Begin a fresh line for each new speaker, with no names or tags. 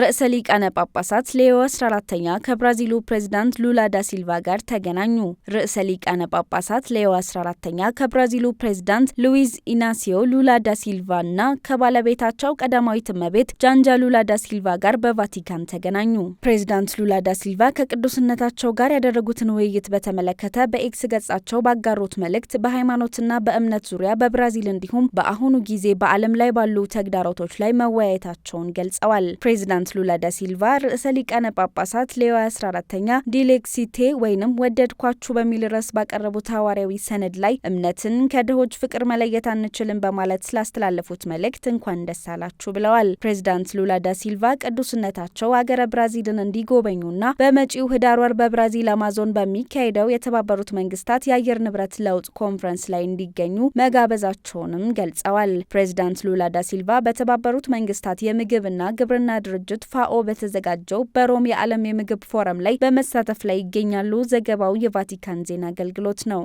ርዕሰ ሊቃነ ጳጳሳት ሌዮ 14ተኛ ከብራዚሉ ፕሬዝዳንት ሉላ ዳ ሲልቫ ጋር ተገናኙ። ርዕሰ ሊቃነ ጳጳሳት ሌዮ 14ተኛ ከብራዚሉ ፕሬዝዳንት ሉዊዝ ኢናሲዮ ሉላ ዳ ሲልቫ እና ከባለቤታቸው ቀዳማዊት እመቤት ጃንጃ ሉላ ዳ ሲልቫ ጋር በቫቲካን ተገናኙ። ፕሬዚዳንት ሉላ ዳ ሲልቫ ከቅዱስነታቸው ጋር ያደረጉትን ውይይት በተመለከተ በኤክስ ገጻቸው ባጋሩት መልእክት በሃይማኖትና በእምነት ዙሪያ በብራዚል እንዲሁም በአሁኑ ጊዜ በዓለም ላይ ባሉ ተግዳሮቶች ላይ መወያየታቸውን ገልጸዋል። ፕሬዚዳንት ፍራንስ ሉላ ዳሲልቫ ሲልቫ ርዕሰ ሊቃነ ጳጳሳት ሌዮ 14ኛ ዲሌክሲቴ ወይንም ወደድኳችሁ በሚል ርዕስ ባቀረቡት ሐዋርያዊ ሰነድ ላይ እምነትን ከድሆች ፍቅር መለየት አንችልም በማለት ስላስተላለፉት መልእክት እንኳን ደስ አላችሁ ብለዋል። ፕሬዚዳንት ሉላ ዳ ሲልቫ ቅዱስነታቸው አገረ ብራዚልን እንዲጎበኙና በመጪው ህዳር ወር በብራዚል አማዞን በሚካሄደው የተባበሩት መንግስታት የአየር ንብረት ለውጥ ኮንፈረንስ ላይ እንዲገኙ መጋበዛቸውንም ገልጸዋል። ፕሬዚዳንት ሉላ ዳ ሲልቫ በተባበሩት መንግስታት የምግብና ግብርና ድርጅት ድርጅት ፋኦ በተዘጋጀው በሮም የዓለም የምግብ ፎረም ላይ በመሳተፍ ላይ ይገኛሉ። ዘገባው የቫቲካን ዜና አገልግሎት ነው።